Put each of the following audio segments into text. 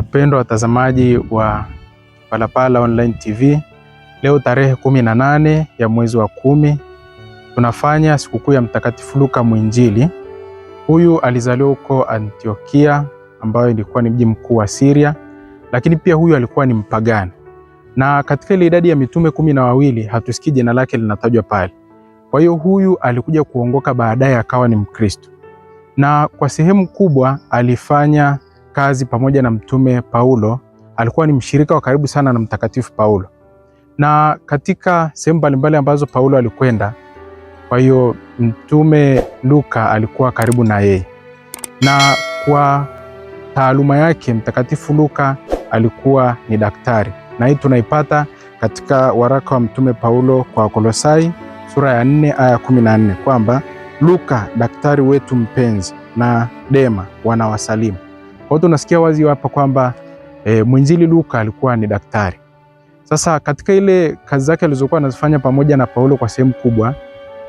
Wapendwa watazamaji wa Palapala Online TV, leo tarehe kumi na nane ya mwezi wa kumi tunafanya sikukuu ya Mtakatifu Luka Mwinjili. Huyu alizaliwa huko Antiokia ambayo ilikuwa ni mji mkuu wa Syria, lakini pia huyu alikuwa ni mpagani, na katika ile idadi ya mitume kumi na wawili hatusikii jina lake linatajwa pale. Kwa hiyo huyu alikuja kuongoka baadaye akawa ni Mkristo, na kwa sehemu kubwa alifanya kazi pamoja na Mtume Paulo, alikuwa ni mshirika wa karibu sana na Mtakatifu Paulo, na katika sehemu mbalimbali ambazo Paulo alikwenda, kwa hiyo Mtume Luka alikuwa karibu na yeye, na kwa taaluma yake Mtakatifu Luka alikuwa ni daktari, na hii tunaipata katika waraka wa Mtume Paulo kwa Kolosai sura ya 4 aya 14 kwamba Luka daktari wetu mpenzi na Dema wanawasalimu. Kwa hiyo tunasikia wazi hapa kwamba e, mwinjili Luka alikuwa ni daktari. Sasa katika ile kazi zake alizokuwa anazifanya pamoja na Paulo kwa sehemu kubwa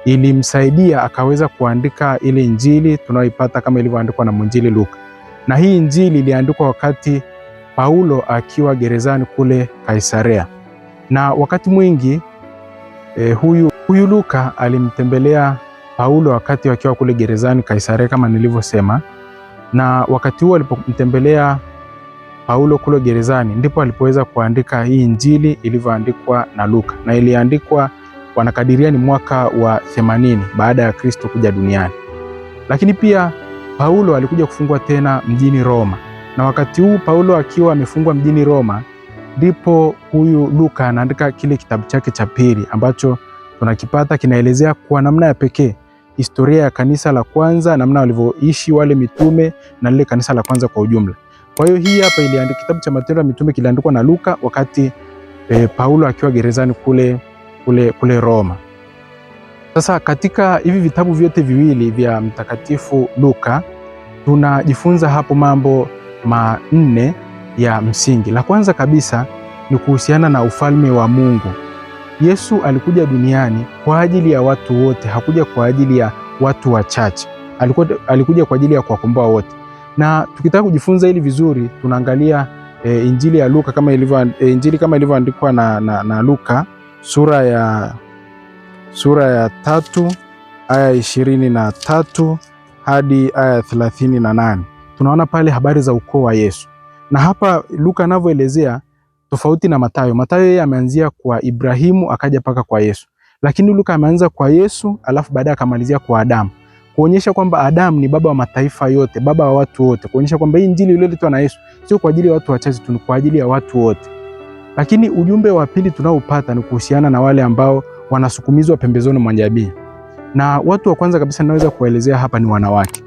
ilimsaidia akaweza kuandika ile injili tunayoipata kama ilivyoandikwa na mwinjili Luka. Na hii injili iliandikwa wakati Paulo akiwa gerezani kule Kaisarea. Na wakati mwingi e, huyu, huyu Luka alimtembelea Paulo wakati akiwa kule gerezani Kaisarea kama nilivyosema na wakati huo alipomtembelea Paulo kule gerezani, ndipo alipoweza kuandika hii Injili ilivyoandikwa na Luka, na iliandikwa wanakadiria ni mwaka wa 80 baada ya Kristo kuja duniani. Lakini pia Paulo alikuja kufungwa tena mjini Roma, na wakati huu Paulo akiwa amefungwa mjini Roma, ndipo huyu Luka anaandika kile kitabu chake cha pili ambacho tunakipata, kinaelezea kwa namna ya pekee historia ya kanisa la kwanza, namna walivyoishi wale mitume na lile kanisa la kwanza kwa ujumla. Kwa hiyo hii hapa iliandikwa kitabu cha Matendo ya Mitume kiliandikwa na Luka wakati e, Paulo akiwa gerezani kule, kule, kule Roma. Sasa katika hivi vitabu vyote viwili vya Mtakatifu Luka tunajifunza hapo mambo manne ya msingi. La kwanza kabisa ni kuhusiana na ufalme wa Mungu. Yesu alikuja duniani kwa ajili ya watu wote, hakuja kwa ajili ya watu wachache. Alikuja, kwa ajili ya kuwakomboa wote, na tukitaka kujifunza hili vizuri tunaangalia e, Injili ya Luka kama ilivyo e, Injili kama ilivyoandikwa na, na, na Luka sura ya, sura ya tatu aya ishirini na tatu hadi aya thelathini na nane tunaona pale habari za ukoo wa Yesu, na hapa Luka anavyoelezea tofauti na Mathayo. Mathayo yeye ameanzia kwa Ibrahimu akaja mpaka kwa Yesu, lakini Luka ameanza kwa Yesu alafu baadaye akamalizia kwa Adamu, kuonyesha kwamba Adamu ni baba wa mataifa yote, baba wa watu wote, kuonyesha kwamba hii injili iliyoletwa na Yesu sio kwa ajili ya watu wachache tu, ni kwa ajili ya watu wote. Lakini ujumbe wa pili tunaoupata ni kuhusiana na wale ambao wanasukumizwa pembezoni mwa jamii, na watu wa kwanza kabisa naweza kuwaelezea hapa ni wanawake.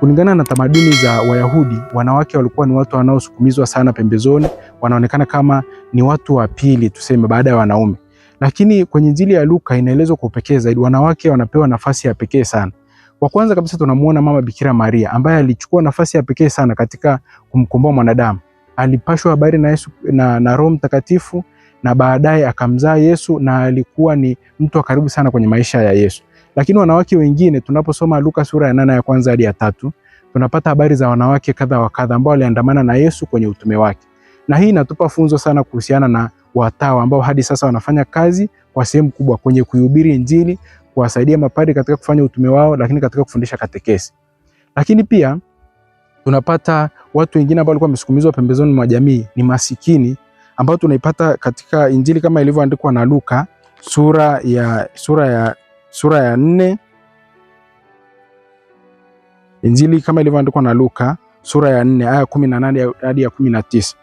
Kulingana na tamaduni za Wayahudi, wanawake walikuwa ni watu wanaosukumizwa sana pembezoni, wanaonekana kama ni watu wa pili, tuseme, baada ya wanaume. Lakini kwenye Injili ya Luka inaelezwa kwa upekee zaidi, wanawake wanapewa nafasi ya pekee sana. Kwa kwanza kabisa tunamuona mama Bikira Maria ambaye alichukua nafasi ya pekee sana katika kumkomboa mwanadamu. Alipashwa habari na Yesu na, na Roho Mtakatifu na baadaye akamzaa Yesu na alikuwa ni mtu wa karibu sana kwenye maisha ya Yesu. Lakini wanawake wengine tunaposoma Luka sura ya nane ya kwanza hadi ya tatu tunapata habari za wanawake kadha wa kadha ambao waliandamana na Yesu kwenye utume wake, na hii inatupa funzo sana kuhusiana na watawa ambao hadi sasa wanafanya kazi kwa sehemu kubwa kwenye kuhubiri Injili, kuwasaidia mapadri katika kufanya utume wao, lakini katika kufundisha katekesi. Lakini pia tunapata watu wengine ambao walikuwa wamesukumizwa pembezoni mwa jamii, ni masikini ambao tunaipata katika Injili kama ilivyoandikwa na Luka sura ya sura ya sura ya nne Injili kama ilivyoandikwa na Luka sura ya nne aya kumi na nane hadi ya kumi na tisa.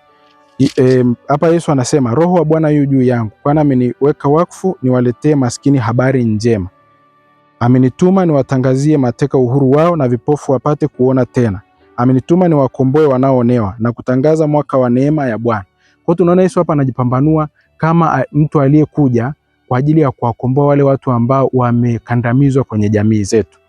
Hapa e, Yesu anasema Roho wa Bwana yu juu yangu, kwani ameniweka wakfu niwaletee maskini habari njema, amenituma niwatangazie mateka uhuru wao, na vipofu wapate kuona tena, amenituma niwakomboe wanaoonewa, na kutangaza mwaka wa neema ya Bwana. Kwa hiyo tunaona Yesu hapa anajipambanua kama mtu aliyekuja kwa ajili ya kuwakomboa wale watu ambao wamekandamizwa kwenye jamii zetu.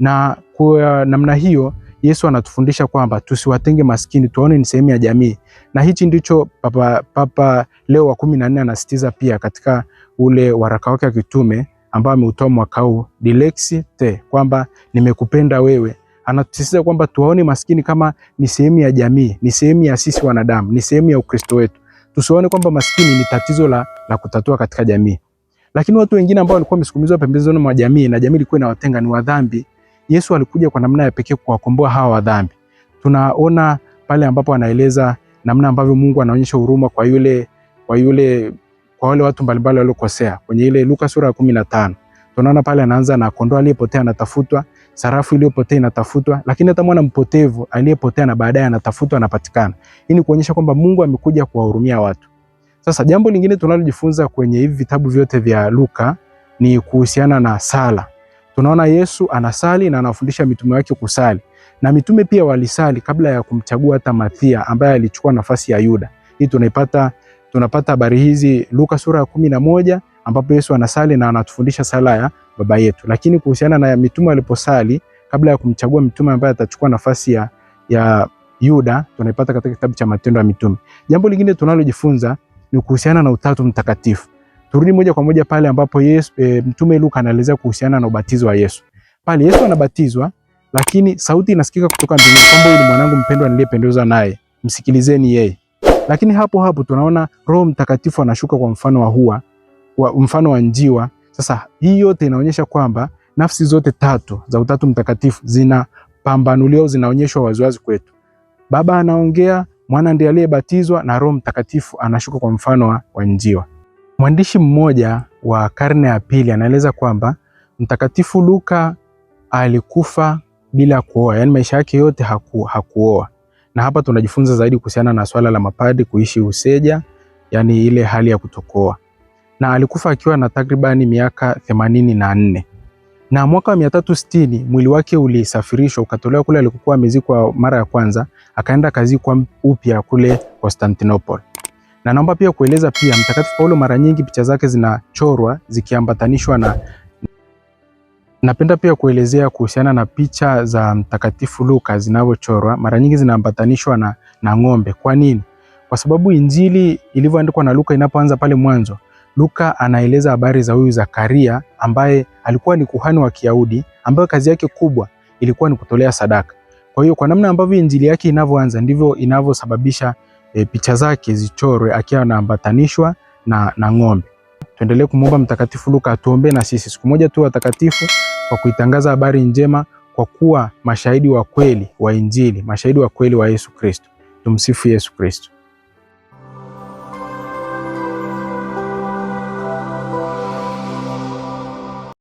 Na kwa namna hiyo Yesu anatufundisha kwamba tusiwatenge maskini, tuwaone ni sehemu ya jamii, na hichi ndicho Papa, Papa Leo wa kumi na nne anasisitiza pia katika ule waraka wake wa kitume ambao ameutoa mwaka huu Dilexi Te, kwamba nimekupenda wewe. Anatusisitiza kwamba tuwaone maskini kama ni sehemu ya jamii, ni sehemu ya sisi wanadamu, ni sehemu ya Ukristo wetu. Tusione kwamba maskini ni tatizo la, la kutatua katika jamii. Lakini watu wengine ambao walikuwa wamesukumizwa pembezoni mwa jamii na jamii ilikuwa inawatenga ni wadhambi, Yesu alikuja kwa namna ya pekee kuwakomboa hawa wadhambi. Tunaona pale ambapo anaeleza namna ambavyo Mungu anaonyesha huruma kwa yule kwa yule kwa wale watu mbalimbali waliokosea kwenye ile Luka sura ya 15. Tunaona pale anaanza na kondoo aliyepotea anatafutwa, sarafu iliyopotea inatafutwa, lakini hata mwana mpotevu aliyepotea na baadaye anatafutwa anapatikana. Hii ni kuonyesha kwamba Mungu amekuja kuwahurumia watu. Sasa jambo lingine tunalojifunza kwenye hivi vitabu vyote vya Luka ni kuhusiana na sala. Tunaona Yesu anasali na anafundisha mitume wake kusali, na mitume pia walisali kabla ya kumchagua hata Mathia ambaye alichukua nafasi ya Yuda. Hii tunaipata tunapata habari hizi Luka sura ya kumi na moja ambapo Yesu anasali na anatufundisha sala ya Baba yetu. Lakini kuhusiana na mitume waliposali kabla ya kumchagua mtume ambaye atachukua nafasi ya, ya Yuda tunaipata katika kitabu cha Matendo ya Mitume. Jambo lingine tunalojifunza ni kuhusiana na Utatu Mtakatifu. Turudi moja kwa moja pale ambapo Yesu e, Mtume Luka anaelezea kuhusiana na ubatizo wa Yesu. Pale Yesu anabatizwa, lakini sauti inasikika kutoka mbinguni kwamba huyu ni mwanangu mpendwa niliyependezwa naye, msikilizeni yeye. Lakini hapo hapo tunaona Roho Mtakatifu anashuka kwa mfano wa hua, kwa mfano wa njiwa. Sasa hii yote inaonyesha kwamba nafsi zote tatu za Utatu Mtakatifu zinapambanuliwa, zinaonyeshwa waziwazi kwetu. Baba anaongea Mwana ndiye aliyebatizwa na Roho Mtakatifu anashuka kwa mfano wa njiwa. Mwandishi mmoja wa karne ya pili anaeleza kwamba Mtakatifu Luka alikufa bila kuoa, yaani maisha yake yote haku, hakuoa. Na hapa tunajifunza zaidi kuhusiana na swala la mapadi kuishi useja, yaani ile hali ya kutokoa, na alikufa akiwa na takribani miaka themanini na nne na mwaka wa 360 mwili wake ulisafirishwa ukatolewa kule alikokuwa amezikwa mara ya kwanza, akaenda kazikwa upya kule Constantinople. Na naomba pia kueleza pia Mtakatifu Paulo mara nyingi picha zake zinachorwa zikiambatanishwa na napenda pia kuelezea kuhusiana na picha za Mtakatifu Luka zinavyochorwa, mara nyingi zinaambatanishwa na, na ng'ombe. Kwa nini? Kwa sababu Injili ilivyoandikwa na Luka inapoanza pale mwanzo Luka anaeleza habari za huyu Zakaria ambaye alikuwa ni kuhani wa Kiyahudi ambayo kazi yake kubwa ilikuwa ni kutolea sadaka. Kwa hiyo kwa namna ambavyo injili yake inavyoanza ndivyo inavyosababisha e, picha zake zichorwe akiwa anaambatanishwa na, na ng'ombe. Tuendelee kumwomba Mtakatifu Luka atuombee na sisi siku moja tu watakatifu kwa kuitangaza habari njema kwa kuwa mashahidi wa kweli wa Injili, mashahidi wa kweli wa Yesu Kristo. Tumsifu Yesu Kristo.